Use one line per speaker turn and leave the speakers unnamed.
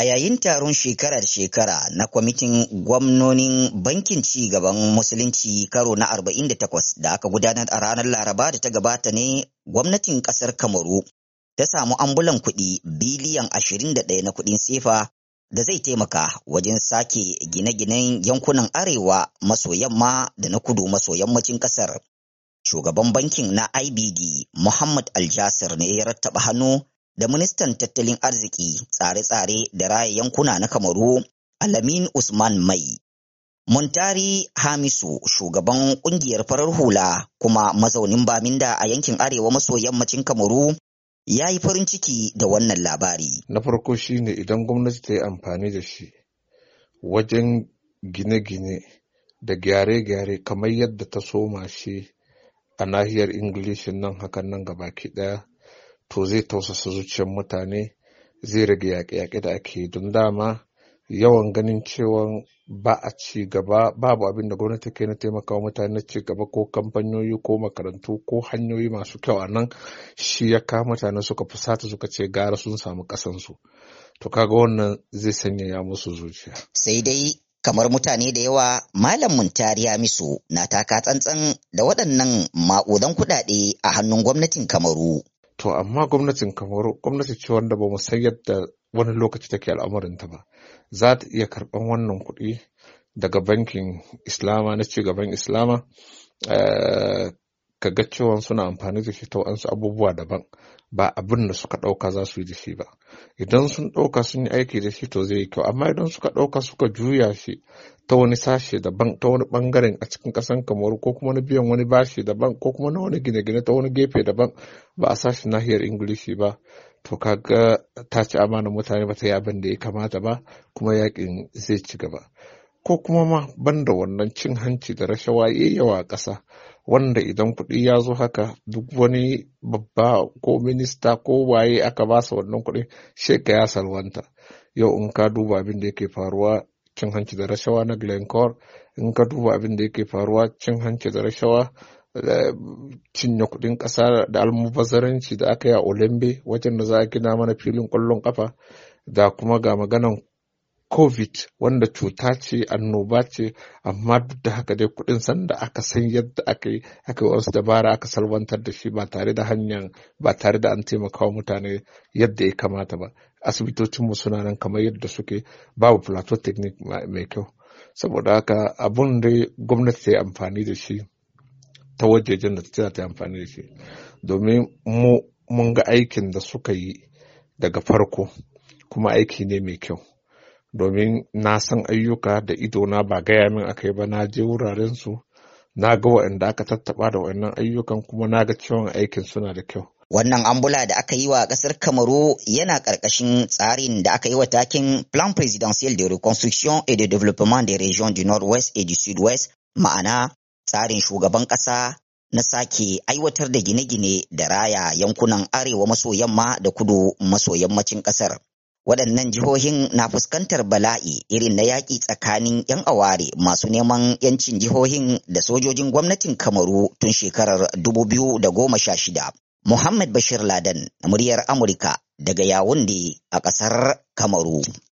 A yayin taron shekarar-shekara na kwamitin gwamnonin bankin ci gaban musulunci karo na 48 da aka gudanar a ranar Laraba da ta gabata ne gwamnatin kasar Kamaru ta samu ambulan kuɗi biliyan 21 na kuɗin sefa da zai taimaka wajen sake gine-ginen yankunan arewa maso yamma da na kudu maso yammacin kasar. Shugaban bankin na IBD Muhammad Aljasir ne ya rattaba hannu da ministan tattalin arziki tsare-tsare da raya yankuna na kamaru alamin usman mai Montari Hamisu shugaban kungiyar farar hula kuma mazaunin Baminda a yankin arewa maso yammacin Kamaru ya yi farin ciki da wannan labari.
Na farko shine idan gwamnati ta yi amfani da shi wajen gine-gine da gyare-gyare kamar yadda ta soma shi a nahiyar Ingilishin nan hakan nan gabaki ɗaya to zai tausasa zuciyar mutane zai rage yaƙe-yaƙe da ake don dama yawan ganin cewa ba a ci gaba babu abin da gwamnati ke na taimakawa mutane na ci gaba ko kamfanyoyi ko makarantu ko hanyoyi masu kyau a nan shi ya kawo mutane suka fusata suka ce gara sun samu kasansu to kaga wannan zai sanya ya musu zuciya sai dai
kamar mutane da yawa malam muntari misu na taka tsantsan da waɗannan maƙudan kuɗaɗe a hannun gwamnatin kamaru
to amma gwamnatin kamaru gwamnati ce wanda ba mu san yadda wani lokaci take al'amarinta ba za ta iya karɓan wannan kuɗi daga bankin islama na ci gaban islama eh, ka ga cewa suna amfani da shi ta waɗansu abubuwa daban ba abin da suka ɗauka za su yi da shi ba idan sun ɗauka sun yi aiki da shi to zai yi kyau amma idan suka ɗauka suka juya shi ta wani sashe daban ta wani ɓangaren a cikin ƙasan kamaru ko kuma na biyan wani bashi daban ko kuma na wani gine-gine ta wani gefe daban ba a sashi nahiyar ingilishi ba to kaga ta ci amana mutane ba ta yi abin da ya kamata ba kuma yakin zai ci gaba ko kuma ma banda wannan cin hanci da rashawa ya yawa a ƙasa wanda idan kuɗi ya zo haka duk wani babba ko minista ko waye aka ba basa wannan kuɗi sheka ya salwanta yau in ka duba abin da yake faruwa cin hanci da rashawa na glencore in ka duba abin da yake faruwa cin hanci da rashawa eh, cinye kuɗin ƙasa da almubazzaranci da aka yi a Olambe wajen da za a gina mana filin ƙwallon ƙafa da kuma ga maganan covid wanda cuta ce annoba ce amma duk da haka dai kudin sanda aka san yadda aka yi aka wasu dabara aka salwantar da shi ba tare da hanyar ba tare da an taimakawa mutane yadda ya kamata ba asibitocinmu suna nan kamar yadda suke babu plateau technique mai kyau saboda haka abun da gwamnati ta yi amfani da shi ta wajejen da ta ta yi amfani da shi domin mu mun ga aikin da suka yi daga farko kuma aiki ne mai kyau domin na san ayyuka da idona ba gaya min aka yi ba na je wuraren su na ga waɗanda aka tattaɓa da waɗannan ayyukan kuma na ga cewa aikin suna da kyau. Wannan
ambula da aka yi wa ƙasar Kamaru yana ƙarƙashin tsarin da aka yi wa takin Plan Presidential de Reconstruction et de Développement des Régions du Nord-Ouest et du Sud-Ouest, ma'ana tsarin shugaban ƙasa na sake aiwatar da gine-gine da raya yankunan arewa maso yamma da kudu maso yammacin ƙasar. waɗannan jihohin na fuskantar bala'i irin na yaƙi tsakanin 'yan aware masu neman 'yancin jihohin da sojojin gwamnatin kamaru tun shekarar 2016 muhammad bashir laden muryar amurka daga yawunde a ƙasar kamaru